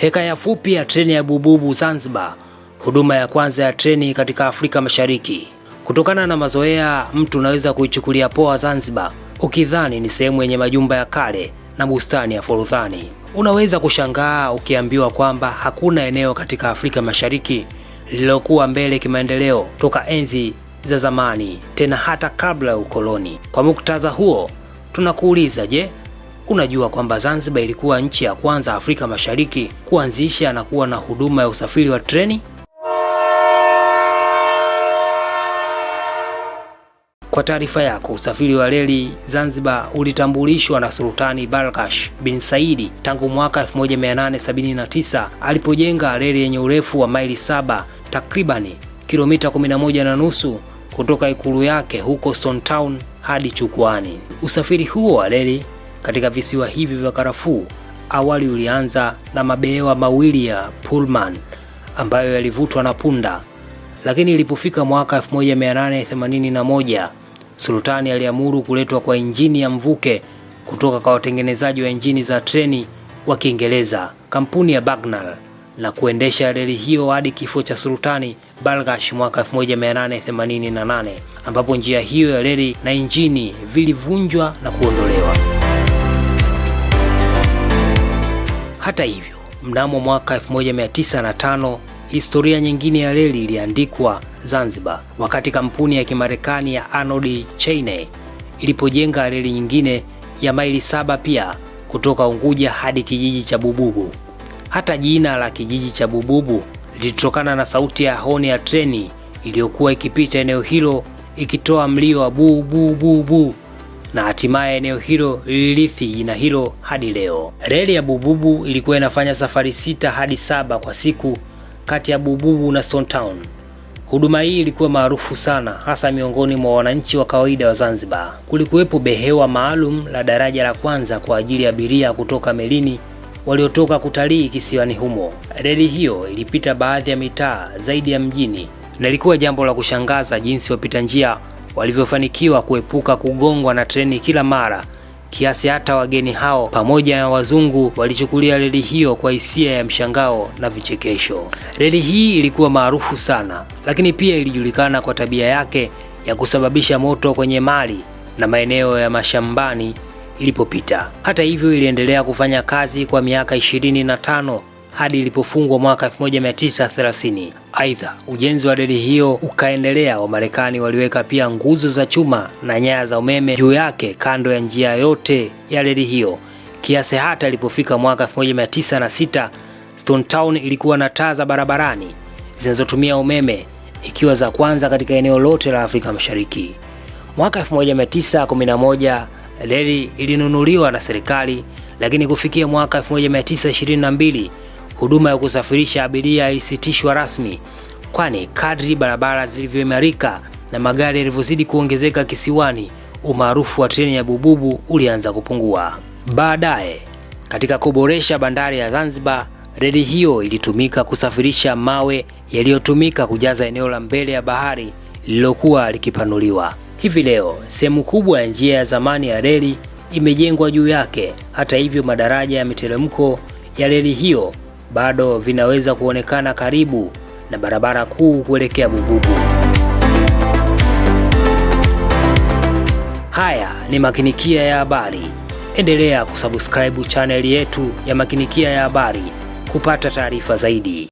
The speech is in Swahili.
Hekaya fupi ya treni ya Bububu Zanzibar, huduma ya kwanza ya treni katika Afrika Mashariki. Kutokana na mazoea, mtu unaweza kuichukulia poa Zanzibar ukidhani ni sehemu yenye majumba ya kale na bustani ya Forodhani. Unaweza kushangaa ukiambiwa kwamba hakuna eneo katika Afrika Mashariki lililokuwa mbele kimaendeleo toka enzi za zamani, tena hata kabla ya ukoloni. Kwa muktadha huo, tunakuuliza je, Unajua kwamba Zanzibar ilikuwa nchi ya kwanza Afrika Mashariki kuanzisha na kuwa na huduma ya usafiri wa treni? Kwa taarifa yako, usafiri wa reli Zanzibar ulitambulishwa na Sultani Bargash bin Saidi tangu mwaka 1879 alipojenga reli yenye urefu wa maili saba takribani kilomita 11 na nusu kutoka ikulu yake huko Stone Town hadi Chukwani. Usafiri huo wa reli katika visiwa hivi vya karafuu awali ulianza na mabehewa mawili ya Pullman ambayo yalivutwa na punda, lakini ilipofika mwaka 1881 sultani aliamuru kuletwa kwa injini ya mvuke kutoka kwa watengenezaji wa injini za treni wa Kiingereza, kampuni ya Bagnall, na kuendesha reli hiyo hadi kifo cha sultani Balgash mwaka 1888 ambapo njia hiyo ya reli na injini vilivunjwa na kuondolewa. Hata hivyo, mnamo mwaka 1905 historia nyingine ya reli iliandikwa Zanzibar, wakati kampuni ya Kimarekani ya Arnold Cheney ilipojenga reli nyingine ya maili saba pia kutoka Unguja hadi kijiji cha Bububu. Hata jina la kijiji cha Bububu lilitokana na sauti ya honi ya treni iliyokuwa ikipita eneo hilo ikitoa mlio wa bu bu bu bu na hatimaye eneo hilo lilithi jina hilo hadi leo. Reli ya Bububu ilikuwa inafanya safari sita hadi saba kwa siku kati ya Bububu na Stone Town. Huduma hii ilikuwa maarufu sana hasa miongoni mwa wananchi wa kawaida wa Zanzibar. Kulikuwepo behewa maalum la daraja la kwanza kwa ajili ya abiria kutoka melini waliotoka kutalii kisiwani humo. Reli hiyo ilipita baadhi ya mitaa zaidi ya mjini na ilikuwa jambo la kushangaza jinsi wapita njia walivyofanikiwa kuepuka kugongwa na treni kila mara kiasi hata wageni hao pamoja na wazungu walichukulia reli hiyo kwa hisia ya mshangao na vichekesho. Reli hii ilikuwa maarufu sana, lakini pia ilijulikana kwa tabia yake ya kusababisha moto kwenye mali na maeneo ya mashambani ilipopita. Hata hivyo, iliendelea kufanya kazi kwa miaka ishirini na tano hadi ilipofungwa mwaka 1930. Aidha, ujenzi wa reli hiyo ukaendelea. Wamarekani waliweka pia nguzo za chuma na nyaya za umeme juu yake kando ya njia yote ya reli hiyo, kiasi hata ilipofika mwaka 1906 Stone Town ilikuwa na taa za barabarani zinazotumia umeme, ikiwa za kwanza katika eneo lote la Afrika Mashariki. Mwaka 1911 reli ilinunuliwa na serikali, lakini kufikia mwaka 1922 huduma ya kusafirisha abiria ilisitishwa rasmi, kwani kadri barabara zilivyoimarika na magari yalivyozidi kuongezeka kisiwani, umaarufu wa treni ya Bububu ulianza kupungua. Baadaye, katika kuboresha bandari ya Zanzibar, reli hiyo ilitumika kusafirisha mawe yaliyotumika kujaza eneo la mbele ya bahari lililokuwa likipanuliwa. Hivi leo sehemu kubwa ya njia ya zamani ya reli imejengwa juu yake. Hata hivyo, madaraja ya miteremko ya reli hiyo bado vinaweza kuonekana karibu na barabara kuu kuelekea Bububu. Haya ni Makinikia ya Habari. Endelea kusubscribe chaneli yetu ya Makinikia ya Habari kupata taarifa zaidi.